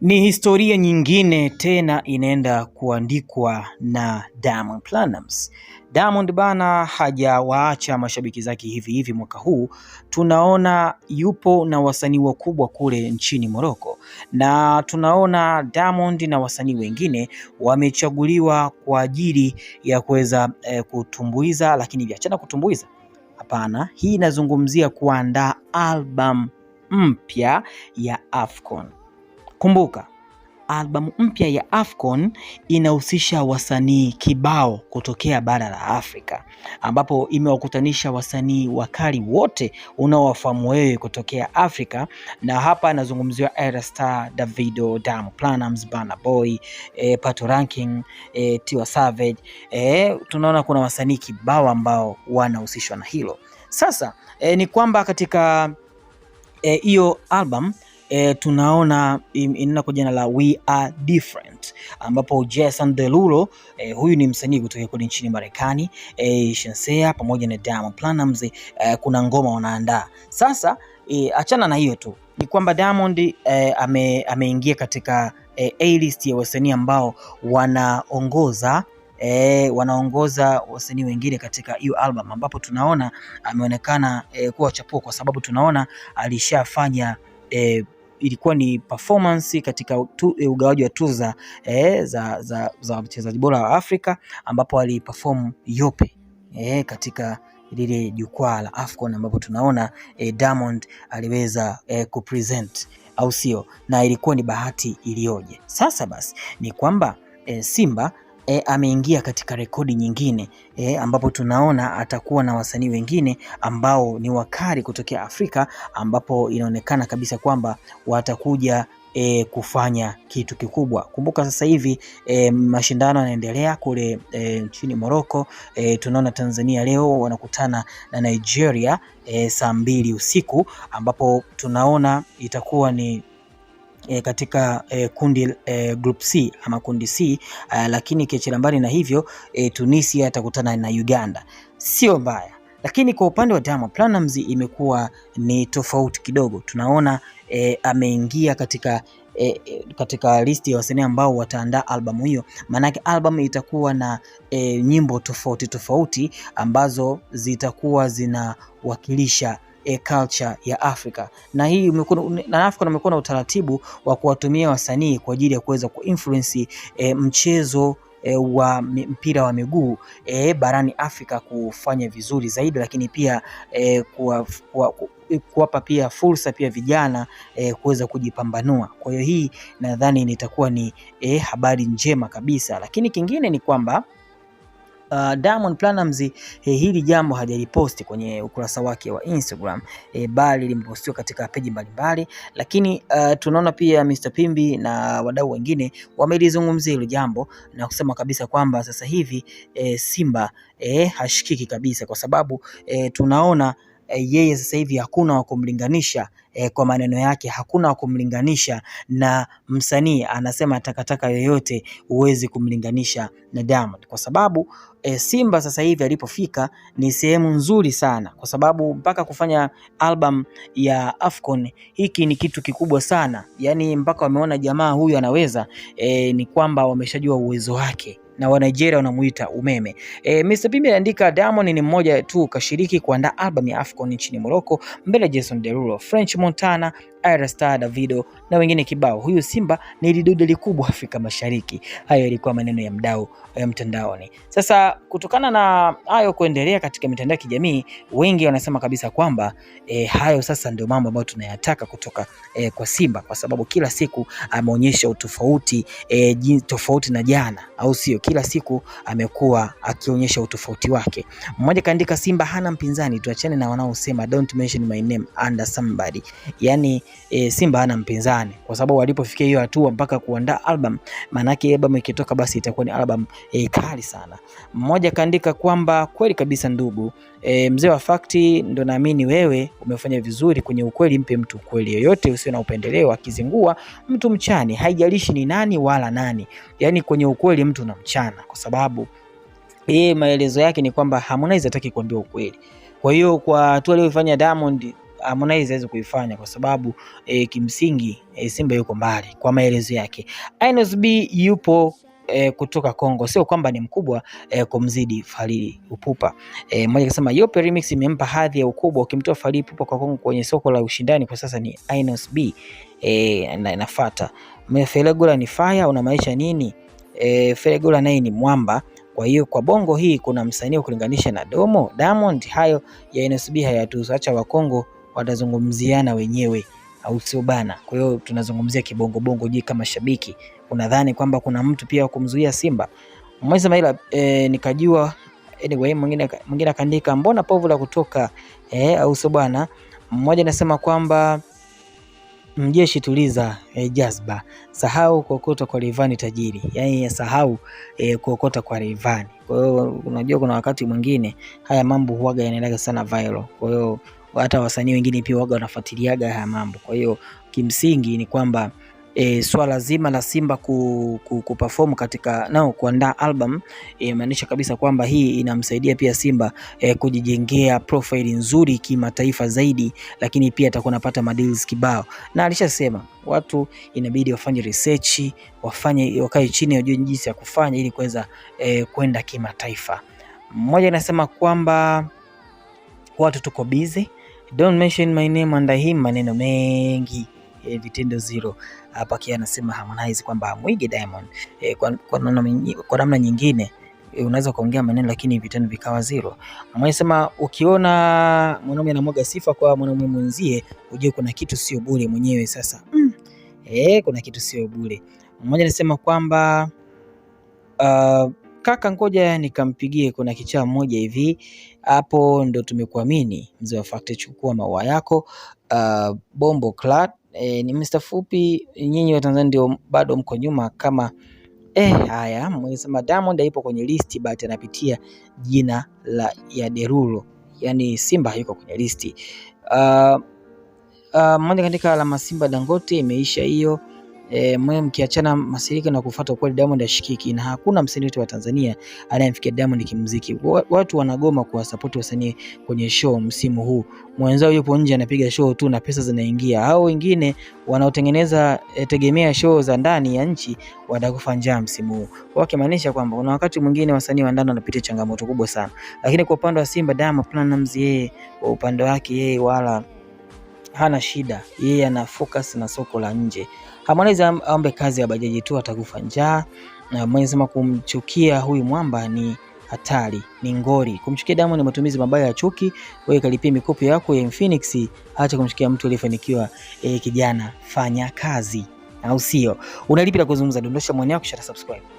Ni historia nyingine tena inaenda kuandikwa na Diamond Platnumz. Diamond bana hajawaacha mashabiki zake hivi hivi. Mwaka huu tunaona yupo na wasanii wakubwa kule nchini Morocco, na tunaona Diamond na wasanii wengine wamechaguliwa kwa ajili ya kuweza e, kutumbuiza. Lakini viachana kutumbuiza, hapana, hii inazungumzia kuandaa albamu mpya ya Afcon. Kumbuka, albamu mpya ya Afcon inahusisha wasanii kibao kutokea bara la Afrika, ambapo imewakutanisha wasanii wakali wote unaowafahamu wewe kutokea Afrika, na hapa anazungumziwa Era Star, Davido, Dam Planams, Burna Boy, e, Pato Ranking, e, Tiwa Savage. E, tunaona kuna wasanii kibao ambao wanahusishwa na hilo. Sasa e, ni kwamba katika hiyo e, album e, tunaona inena kwa jina la We Are Different, ambapo Jason Derulo e, huyu ni msanii kutoka kule nchini Marekani e, Shensea pamoja na Diamond Platnumz e, kuna ngoma wanaandaa sasa. E, achana na hiyo tu ni kwamba Diamond e, ame, ameingia katika e, A-list ya wasanii ambao wanaongoza E, wanaongoza wasanii wengine katika hiyo album ambapo tunaona ameonekana e, kuwa chapuo kwa sababu tunaona alishafanya e, ilikuwa ni performance katika tu, e, ugawaji wa tuzo e, za, za, za wachezaji bora wa Afrika ambapo aliperform yope e, katika lile jukwaa la Afcon ambapo tunaona e, Diamond aliweza e, kupresent au sio? Na ilikuwa ni bahati iliyoje! Sasa basi ni kwamba e, Simba e, ameingia katika rekodi nyingine e, ambapo tunaona atakuwa na wasanii wengine ambao ni wakali kutokea Afrika, ambapo inaonekana kabisa kwamba watakuja E, kufanya kitu kikubwa. Kumbuka sasa hivi e, mashindano yanaendelea kule e, nchini Morocco e, tunaona Tanzania leo wanakutana na Nigeria e, saa mbili usiku ambapo tunaona itakuwa ni e, katika e, kundi e, group C ama kundi C a, lakini ikiachilia mbali na hivyo e, Tunisia atakutana na Uganda, sio mbaya. Lakini kwa upande wa Diamond Platnumz imekuwa ni tofauti kidogo, tunaona e, ameingia katika E, katika listi ya wasanii ambao wataandaa albamu hiyo, maanake albamu itakuwa na e, nyimbo tofauti tofauti ambazo zitakuwa zinawakilisha e, culture ya Afrika na hii umekuwa na Afrika umekuwa na utaratibu wa kuwatumia wasanii kwa ajili ya kuweza kuinfluence e, mchezo E, wa mpira wa miguu e, barani Afrika kufanya vizuri zaidi, lakini pia e, kuwapa kuwa, kuwa pia fursa pia vijana e, kuweza kujipambanua. Kwa hiyo hii nadhani nitakuwa ni e, habari njema kabisa, lakini kingine ni kwamba uh, Diamond Platnumz eh, hili jambo hajaliposti kwenye ukurasa wake wa Instagram eh, bali limepostiwa katika peji mbalimbali, lakini uh, tunaona pia Mr Pimbi na wadau wengine wamelizungumzia hilo jambo na kusema kabisa kwamba sasa hivi eh, Simba eh, hashikiki kabisa kwa sababu eh, tunaona e, yeye sasa hivi hakuna wa kumlinganisha e, kwa maneno yake hakuna wa kumlinganisha na msanii. Anasema takataka yoyote huwezi kumlinganisha na Diamond kwa sababu e, Simba sasa hivi alipofika ni sehemu nzuri sana, kwa sababu mpaka kufanya album ya Afcon hiki ni kitu kikubwa sana, yaani mpaka wameona jamaa huyu anaweza e, ni kwamba wameshajua uwezo wake na wa Nigeria wanamuita umeme. E, Mr. Pimbi aliandika Diamond ni mmoja tu kashiriki kuandaa albamu ya Afcon nchini Morocco mbele ya Jason Derulo, French Montana Ayra Starr, Davido na wengine kibao. Huyu Simba ni lidudeli kubwa Afrika Mashariki. Hayo yalikuwa maneno ya mdau ya eh, mtandaoni. Sasa kutokana na hayo kuendelea katika mitandao ya kijamii, wengi wanasema kabisa kwamba e, hayo sasa ndio mambo ambayo tunayataka kutoka e, kwa Simba kwa sababu kila siku ameonyesha utofauti e, tofauti na jana, au sio? Kila siku amekuwa akionyesha utofauti wake. Mmoja kaandika Simba hana mpinzani, tuachane na wanaosema don't mention my name under somebody. Yaani e, Simba hana mpinzani kwa sababu walipofikia hiyo hatua mpaka kuandaa album, manake album ikitoka basi itakuwa ni album e, kali sana. Mmoja kaandika kwamba kweli kabisa ndugu e, mzee wa fakti, ndo naamini wewe umefanya vizuri kwenye ukweli. Mpe mtu ukweli, yoyote usio na upendeleo, akizingua mtu mchani, haijalishi ni nani wala nani, yani kwenye ukweli mtu unamchana kwa sababu yeye maelezo yake ni kwamba Harmonize hataki kuambia ukweli. Kwa hiyo kwa hatua aliyoifanya Diamond Harmonize hawezi kuifanya kwa sababu e, kimsingi e, Simba yuko mbali kwa maelezo yake. Ines B yupo E, kutoka Kongo, sio kwamba ni mkubwa e, kumzidi Fally Upupa. E, mmoja akasema Yope Remix imempa hadhi ya ukubwa, ukimtoa Fally Upupa kwa Kongo kwenye soko la ushindani kwa sasa ni Ines B. E, na inafuata Felegula ni faya, unamaanisha nini? E, Felegula naye ni mwamba. Kwa hiyo kwa bongo hii kuna msanii wa kulinganisha na Domo Diamond, hayo ya NSB B acha wa Kongo watazungumziana wenyewe, au sio bana? Kwa hiyo tunazungumzia kibongo bongo. Je, kama shabiki unadhani kwamba kuna mtu pia wa kumzuia Simba? Mwezi Maila e, nikajua anyway, mwingine mwingine akaandika mbona povu la kutoka e, au sio bana? Mmoja anasema kwamba mjeshi tuliza e, jazba sahau kuokota kwa Rivani tajiri, yani sahau e, kuokota kwa Rivani. Kwa hiyo unajua kuna wakati mwingine haya mambo huaga yanaenda sana viral, kwa hiyo hata wasanii wengine pia waga wanafuatiliaga haya mambo. Kwa hiyo kimsingi ni kwamba e, swala zima la Simba ku, ku, perform katika nao kuandaa album inamaanisha eh, e, kabisa kwamba hii inamsaidia pia Simba e, kujijengea profile nzuri kimataifa zaidi, lakini pia atakuwa anapata madeals kibao, na alishasema watu inabidi wafanye research, wafanye wakae chini, wajue jinsi ya kufanya ili kuweza e, kwenda kimataifa. Mmoja anasema kwamba watu tuko busy Don't mention my name under him, maneno mengi E, vitendo zero hapa kia anasema Harmonize kwamba mwige Diamond e, eh, kwa, kwa, kwa namna nyingine e, unaweza ukaongea maneno lakini vitendo vikawa zero. Mwanasema ukiona mwanaume anamwaga sifa kwa mwanaume mwenzie ujue kuna kitu sio bure mwenyewe. Sasa mm, e, kuna kitu sio bure. Mmoja anasema kwamba uh, Kaka, ngoja nikampigie, kuna kichaa mmoja hivi hapo. Ndo tumekuamini mzee wa Fakti, chukua maua yako. Uh, bombo clad e, ni Mr Fupi. Nyinyi wa Tanzania ndio bado mko nyuma kama Eh, haya mwesema Diamond ipo kwenye listi but anapitia jina la ya Derulo, yaani Simba yuko kwenye listi. Uh, ah, uh, ah, mmoja kaandika alama Simba Dangote imeisha hiyo e, mwe mkiachana masirika na kufuata ukweli, Diamond ashikiki na hakuna msanii wote wa Tanzania anayemfikia Diamond kimuziki. Watu wanagoma kuwasapoti wasanii kwenye show msimu huu, mwenzao yupo nje anapiga show tu na pesa zinaingia, au wengine wanaotengeneza e, tegemea show za ndani ya nchi watakufa njaa msimu huu, wakimaanisha kwamba kuna wakati mwingine wasanii wa ndani wanapitia changamoto kubwa sana, lakini kwa upande wa Simba Diamond Platnumz yeye kwa upande wake yeye wala hana shida, yeye ana focus na soko la nje. Harmonize aombe kazi ya bajaji tu atakufa njaa. na sema kumchukia huyu mwamba ni hatari, ni ngori. Kumchukia damu ni matumizi mabaya ya chuki. Wewe kalipia mikopo yako ya Infinix, acha kumchukia mtu aliyefanikiwa. E, kijana fanya kazi, au sio? Unalipi la kuzungumza? Dondosha maoni yako, kisha subscribe.